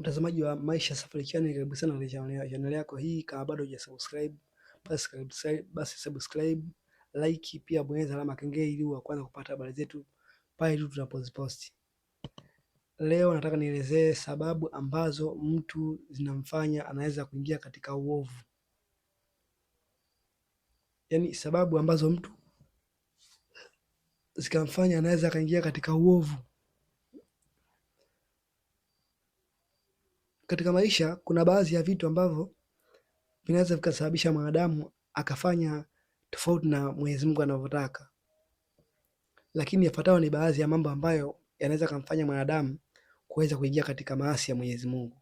Mtazamaji wa Maisha Safari Channel, karibu sana kwenye channel yako hii. Kama bado hujasubscribe, basi subscribe, like, pia bonyeza alama kengele ili uwe kwanza kupata habari zetu pale tu tunapozipost. Leo nataka nielezee sababu ambazo mtu zinamfanya anaweza kuingia katika uovu, yaani sababu ambazo mtu zikamfanya anaweza akaingia katika uovu. katika maisha kuna baadhi ya vitu ambavyo vinaweza vikasababisha mwanadamu akafanya tofauti na Mwenyezi Mungu anavyotaka, lakini yafuatayo ni baadhi ya mambo ambayo yanaweza kumfanya mwanadamu kuweza kuingia katika maasi ya Mwenyezi Mungu,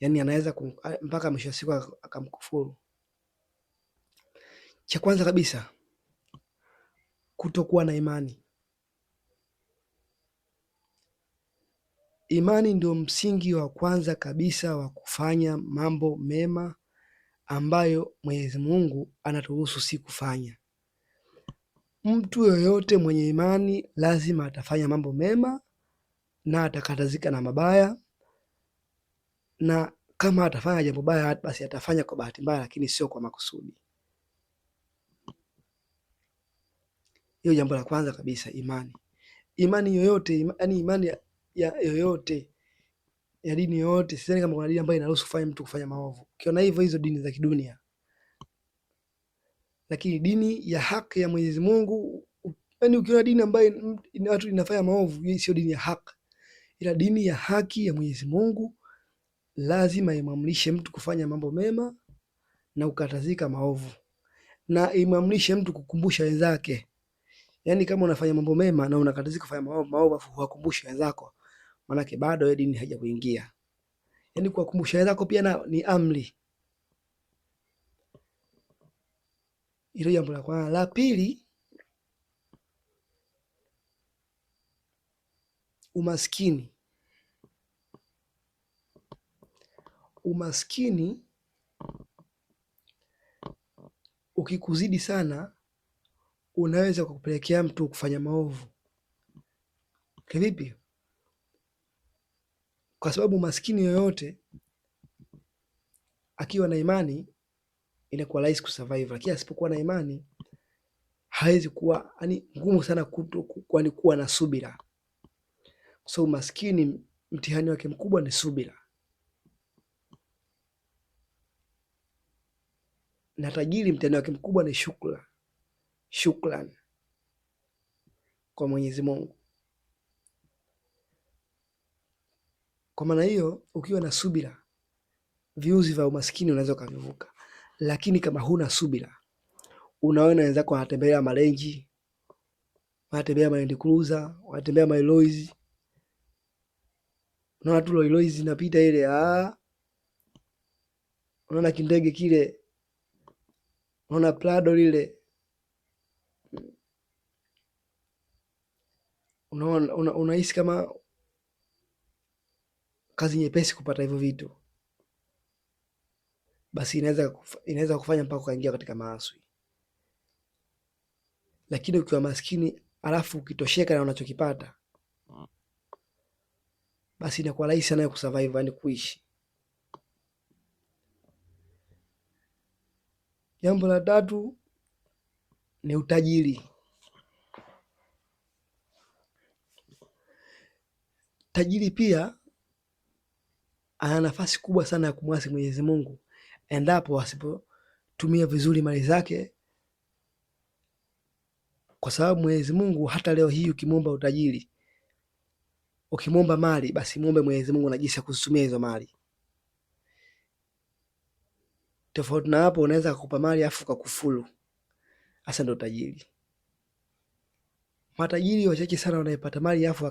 yaani anaweza mpaka mwisho wa siku akamkufuru. Cha kwanza kabisa, kutokuwa na imani. Imani ndio msingi wa kwanza kabisa wa kufanya mambo mema ambayo Mwenyezi Mungu anaturuhusu si kufanya. Mtu yoyote mwenye imani lazima atafanya mambo mema na atakatazika na mabaya, na kama atafanya jambo baya, basi atafanya kwa bahati mbaya, lakini sio kwa makusudi. Hiyo jambo la kwanza kabisa, imani. Imani yoyote, imani, imani ya yoyote ya dini yoyote, sidhani kama kuna dini ambayo inaruhusu kufanya mtu kufanya maovu. Ukiona hivyo, hizo dini za kidunia. Lakini dini ya haki ya Mwenyezi Mungu, yani ukiona dini ambayo watu inafanya maovu, sio dini ya haki, ila dini ya haki ya Mwenyezi Mungu lazima imwamrishe mtu kufanya mambo mema na kukatazika maovu, na imwamrishe mtu kukumbusha wenzake. Yani kama unafanya mambo mema na unakatazika kufanya maovu, maovu afu huwakumbushe wenzako manake bado dini kuingia Yaani kuwakumbusha wenzako pia na ni amri. Hilo jambo la kwanza. La pili, umaskini. Umaskini ukikuzidi sana unaweza kukupelekea mtu kufanya maovu. Kivipi? kwa sababu maskini yoyote akiwa na imani inakuwa rahisi kusurvive, lakini asipokuwa na imani hawezi kuwa, yani ngumu sana kuto, kwani kuwa na subira, kwa sababu maskini mtihani wake mkubwa ni subira, na tajiri mtihani wake mkubwa ni shukra, shukran kwa Mwenyezi Mungu. Kwa maana hiyo, ukiwa na subira, viuzi vya umaskini unaweza ukavivuka, lakini kama huna subira, unaona wenzako anatembea marenji, wanatembea marendi cruiser, wanatembea mailoizi, unaona tu loiloizi inapita ile, ah, unaona kindege kile, unaona prado lile unahisi una, una kama kazi nyepesi kupata hivyo vitu, basi inaweza inaweza kufanya mpaka ukaingia katika maaswi. Lakini ukiwa maskini alafu ukitosheka na unachokipata, basi inakuwa rahisi sana kusurvive, yani kuishi. Jambo la tatu ni utajiri. Tajiri pia ana nafasi kubwa sana ya kumwasi Mwenyezi Mungu endapo asipotumia vizuri mali zake, kwa sababu Mwenyezi Mungu hata leo hii ukimwomba utajiri, ukimwomba mali, basi mwombe Mwenyezi Mungu na jinsi ya kuzitumia hizo mali. Tofauti na hapo, unaweza kukupa mali afu kakufulu hasa ndo utajiri. Matajiri wachache sana wanayepata mali afu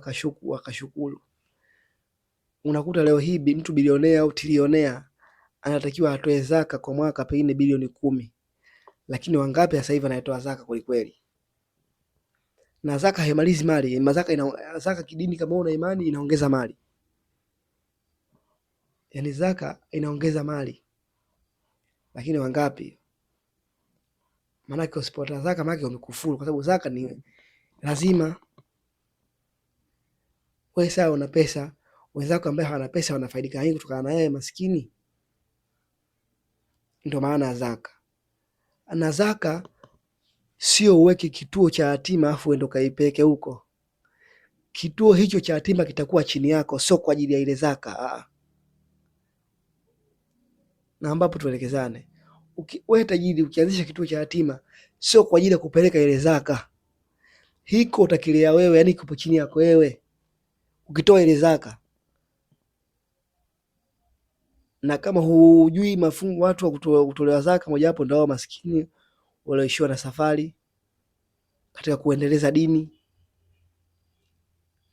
akashukuru unakuta leo hii mtu bilionea au trilionea anatakiwa atoe zaka kwa mwaka pengine bilioni kumi, lakini wangapi sasa hivi anatoa zaka kwelikweli? Na zaka haimalizi mali, mazaka ina zaka kidini, kama una imani inaongeza mali, yani zaka inaongeza mali, lakini wangapi? Maanake usipotoa zaka, maanake umekufuru, kwa sababu zaka ni lazima. Wewe saa una pesa wenzako ambaye hawana pesa wanafaidika nini kutokana na yeye maskini? Ndio maana zaka na zaka sio uweke kituo cha yatima afu uende kaipeke huko. Kituo hicho cha yatima kitakuwa chini yako, sio kwa ajili ya ile zaka aa. Ah, ah. Na ambapo tuelekezane, wewe tajiri, ukianzisha kituo cha yatima sio kwa ajili ya kupeleka ile zaka, hiko utakilea wewe, yani kipo chini yako wewe. Ukitoa ile zaka na kama hujui mafungu watu wa kutolewa zaka, mojawapo ndio maskini walioishiwa na safari katika kuendeleza dini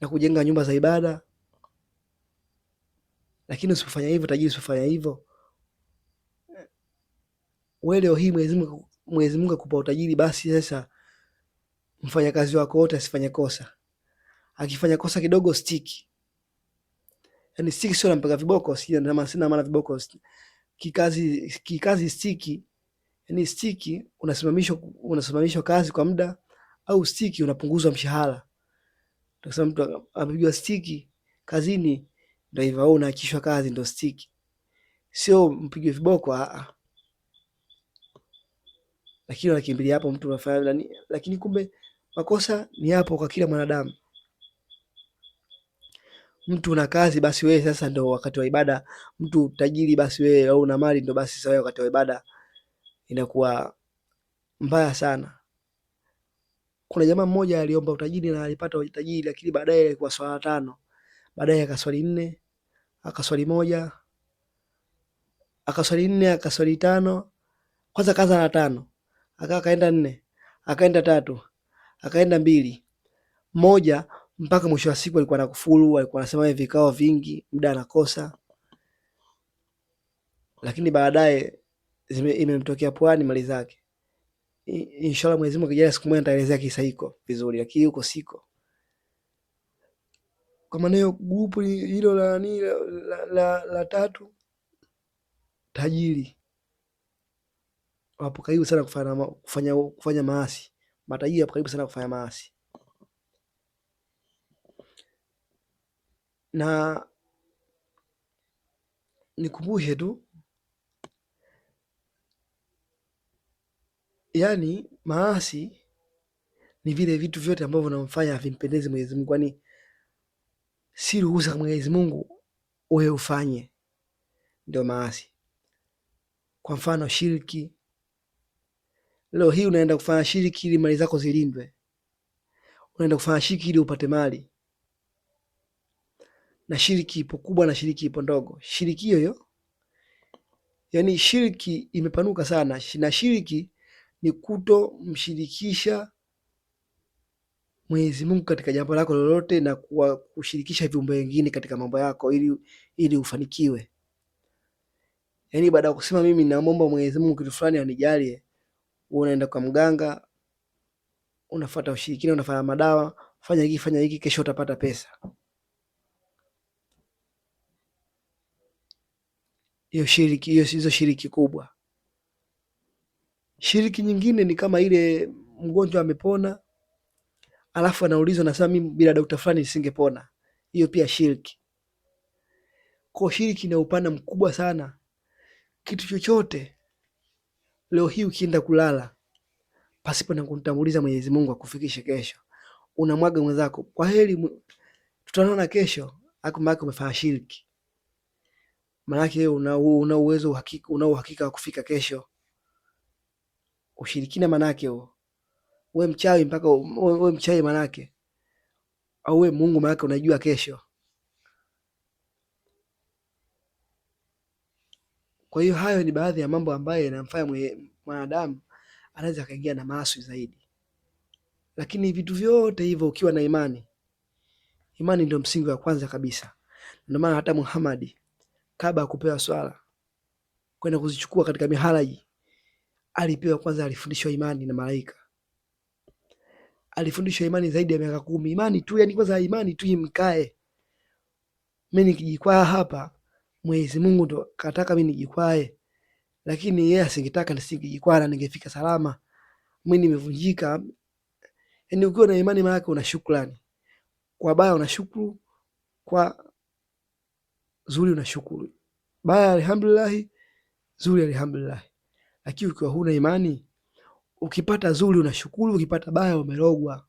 na kujenga nyumba za ibada. Lakini usipofanya hivyo, tajiri usipofanya hivyo, wewe leo hii Mwenyezi Mungu akupa utajiri, basi sasa mfanyakazi wako wote asifanye kosa, akifanya kosa kidogo stiki yani Siki sio anampeka viboko, sina maana viboko kikazi, kikazi Siki yani Siki unasimamishwa, unasimamishwa kazi kwa muda au Siki unapunguzwa mshahara. Tukasema mtu amepigwa Siki kazini ndio hivyo, au unaachishwa kazi ndio Siki, sio mpigwe viboko a ah, ah. lakini wanakimbilia hapo mtu unafanya nani, lakini kumbe makosa ni hapo kwa kila mwanadamu mtu una kazi basi wewe sasa ndo wakati wa ibada. Mtu tajiri basi wewe au una mali ndo basi sasa wakati wa ibada inakuwa mbaya sana. Kuna jamaa mmoja aliomba utajiri na alipata utajiri, lakini baadaye alikuwa swala tano, baadaye akaswali nne, akaswali moja, akaswali nne, akaswali tano. Kwanza kaza na tano, akaenda nne, akaenda tatu, akaenda mbili, moja mpaka mwisho wa siku alikuwa anakufuru, alikuwa anasema vikao vingi, muda anakosa. Lakini baadaye imemtokea pwani mali zake. Inshallah Mwenyezi Mungu akijalia, siku moja nitaelezea kisa hiko vizuri, lakini huko siko kwa maana hiyo. Grupu hilo la nani la, la, la, la tatu tajiri wapo karibu sana kufanya, kufanya, kufanya maasi. Matajiri wapo karibu sana kufanya maasi. Na nikumbushe tu, yani maasi ni vile vitu vyote ambavyo unamfanya havimpendezi Mwenyezi Mungu, yani si ruhusa Mwenyezi Mungu wewe ufanye, ndio maasi. Kwa mfano shiriki, leo hii unaenda kufanya shiriki ili mali zako zilindwe, unaenda kufanya shiriki ili upate mali na shiriki ipo kubwa na shiriki ipo ndogo. Shiriki hiyo yani, shiriki imepanuka sana, na shiriki ni kutomshirikisha Mwenyezi Mungu katika jambo lako lolote na kuwa kushirikisha viumbe wengine katika mambo yako ili, ili ufanikiwe. Yani, baada ya kusema mimi namomba Mwenyezi Mungu kitu fulani anijalie, unaenda kwa mganga, unafuata ushirikina, unafanya madawa, fanya hiki fanya hiki, kesho utapata pesa. hiyo shiriki hiyo, hizo shiriki kubwa. Shiriki nyingine ni kama ile mgonjwa amepona, alafu anaulizwa nasema, mimi bila dokta fulani nisingepona. Hiyo pia shiriki. Kwa shiriki ina upana mkubwa sana. Kitu chochote leo hii ukienda kulala pasipo na kumtambuliza Mwenyezi Mungu akufikishe kesho, unamwaga mwenzako kwa heri, tutaonana kesho, akumbaki umefanya shiriki maanake una, una uwezo una uhakika wa kufika kesho. Ushirikina maanake huo, we mchawi mpaka we mchawi maanake, au we Mungu maanake unajua kesho. Kwa hiyo hayo ni baadhi ya mambo ambayo yanamfanya mwanadamu anaweza akaingia na maaswi zaidi, lakini vitu vyote hivyo ukiwa na imani. Imani ndio msingi wa kwanza kabisa, ndio maana hata Muhamadi ya kupewa swala kwenda kuzichukua katika miharaji, alipewa kwanza, alifundishwa imani na malaika, alifundishwa imani zaidi ya miaka kumi. Imani tu yani, kwanza imani tu imkae. Mimi nikijikwaa hapa, Mwenyezi Mungu ndo kataka mimi nijikwae, lakini yeye asingetaka nisingejikwaa na ningefika salama. Mimi nimevunjika. Yani ukiwa na imani, maana yake una shukrani kwa baya, una shukuru kwa zuri unashukuru, baya alhamdulilahi zuri alhamdulillahi. Lakini ukiwa huna imani, ukipata zuri unashukuru, ukipata baya umerogwa.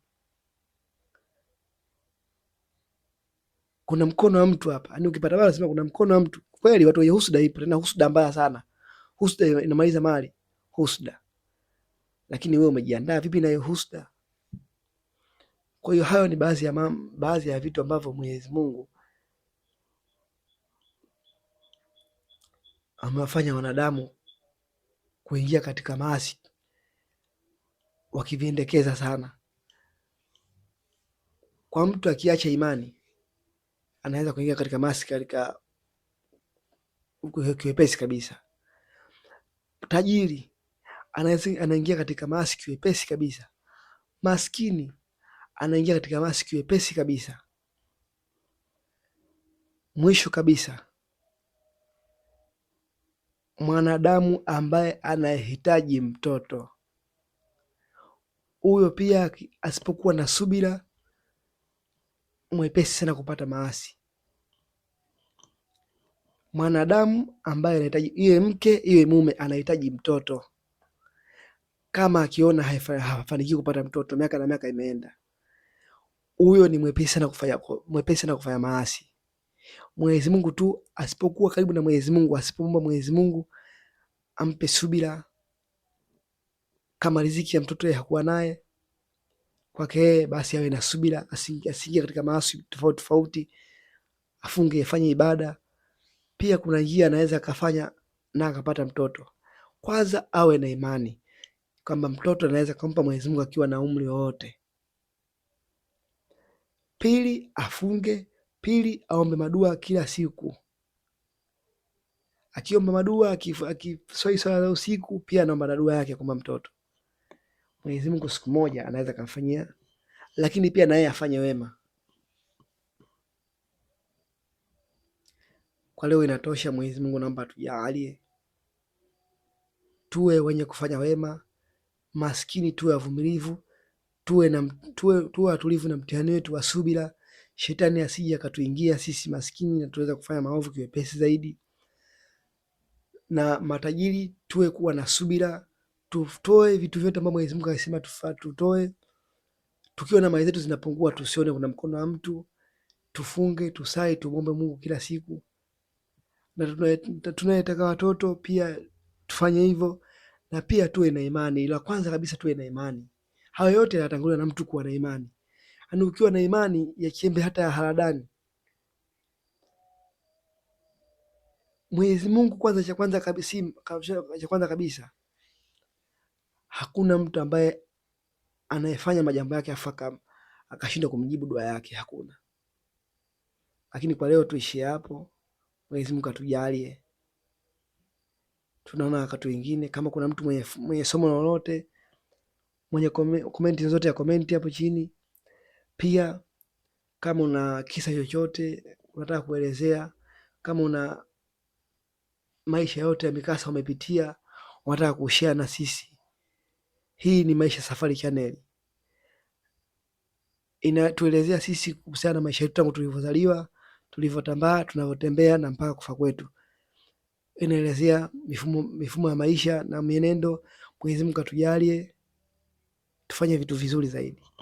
Kuna mkono wa mtu hapa, yani ukipata baya unasema kuna mkono wa mtu. Kweli watu wenye husuda ipo, tena husuda mbaya sana. Husuda inamaliza mali, husuda. Lakini wewe umejiandaa vipi na hiyo husuda? Kwa hiyo hayo ni baadhi ya, baadhi ya vitu ambavyo Mwenyezi Mungu amewafanya wanadamu kuingia katika maasi wakiviendekeza sana. Kwa mtu akiacha imani, anaweza kuingia katika maasi katika kiwepesi kabisa. Tajiri anaingia katika maasi kiwepesi kabisa. Maskini anaingia katika maasi kiwepesi kabisa. Mwisho kabisa mwanadamu ambaye anahitaji mtoto huyo. Pia asipokuwa na subira, mwepesi sana kupata maasi. Mwanadamu ambaye anahitaji, iwe mke iwe mume, anahitaji mtoto. Kama akiona hafanikiwi kupata mtoto, miaka na miaka imeenda, huyo ni mwepesi sana kufanya, mwepesi sana kufanya maasi. Mwenyezi Mungu tu asipokuwa karibu na Mwenyezi Mungu, asipomba Mwenyezi Mungu ampe subira, kama riziki ya mtoto yeye hakuwa naye kwake yeye, basi awe na subira, asiingie katika maasi tofauti tofauti, afunge, afanye ibada. Pia kuna njia anaweza akafanya na akapata mtoto. Kwanza awe na imani kwamba mtoto anaweza kumpa Mwenyezi Mungu akiwa na umri wowote. Pili, afunge Pili, aombe madua kila siku. Akiomba madua, akiswali swala za usiku, pia anaomba na dua yake kwamba mtoto Mwenyezi Mungu siku moja anaweza kumfanyia, lakini pia naye afanye wema. Kwa leo inatosha. Mwenyezi Mungu naomba tujaalie tuwe wenye kufanya wema, maskini tuwe wavumilivu, tuwe na tuwe, tuwe watulivu na mtihani wetu wa subira shetani asije akatuingia sisi maskini na tuweza kufanya maovu kiwepesi zaidi, na matajiri tuwe kuwa na subira, tutoe vitu vyote ambavyo Mwenyezi Mungu alisema tutoe. na mali zetu zinapungua, tusione kuna mkono wa mtu, tufunge, tusali, tumwombe Mungu kila siku, na tunayetaka watoto pia tufanye hivyo, na pia tuwe na imani. La kwanza kabisa tuwe na imani. Hayo yote yanatanguliwa na mtu kuwa na imani. Yaani ukiwa na imani ya chembe hata ya haradani, Mwenyezi Mungu kwanza, cha kwanza kabisa, cha kwanza kabisa, hakuna mtu ambaye anayefanya majambo yake afaka akashinda kumjibu dua yake, hakuna. Lakini kwa leo tuishie hapo. Mwenyezi Mungu atujalie, tunaona wakati wengine. Kama kuna mtu mwenye, mwenye somo lolote, mwenye komenti zote ya komenti hapo chini. Pia kama una kisa chochote unataka kuelezea, kama una maisha yote ya mikasa umepitia unataka kushare na sisi, hii ni Maisha Safari Channel inatuelezea sisi kuhusiana na maisha yetu tangu tulivyozaliwa, tulivyotambaa, tunavyotembea na mpaka kufa kwetu. Inaelezea mifumo, mifumo ya maisha na mienendo. Mwenyezi Mungu atujalie tufanye vitu vizuri zaidi.